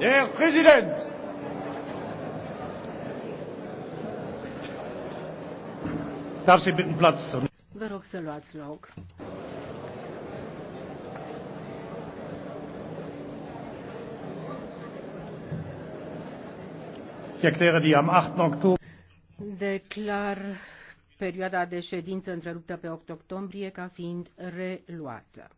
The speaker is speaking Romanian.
Der Präsident! Darf Sie bitten Platz zu nehmen? Ich erkläre die am 8. Oktober. Declar perioada de ședință întreruptă pe 8 octombrie ca fiind reluată.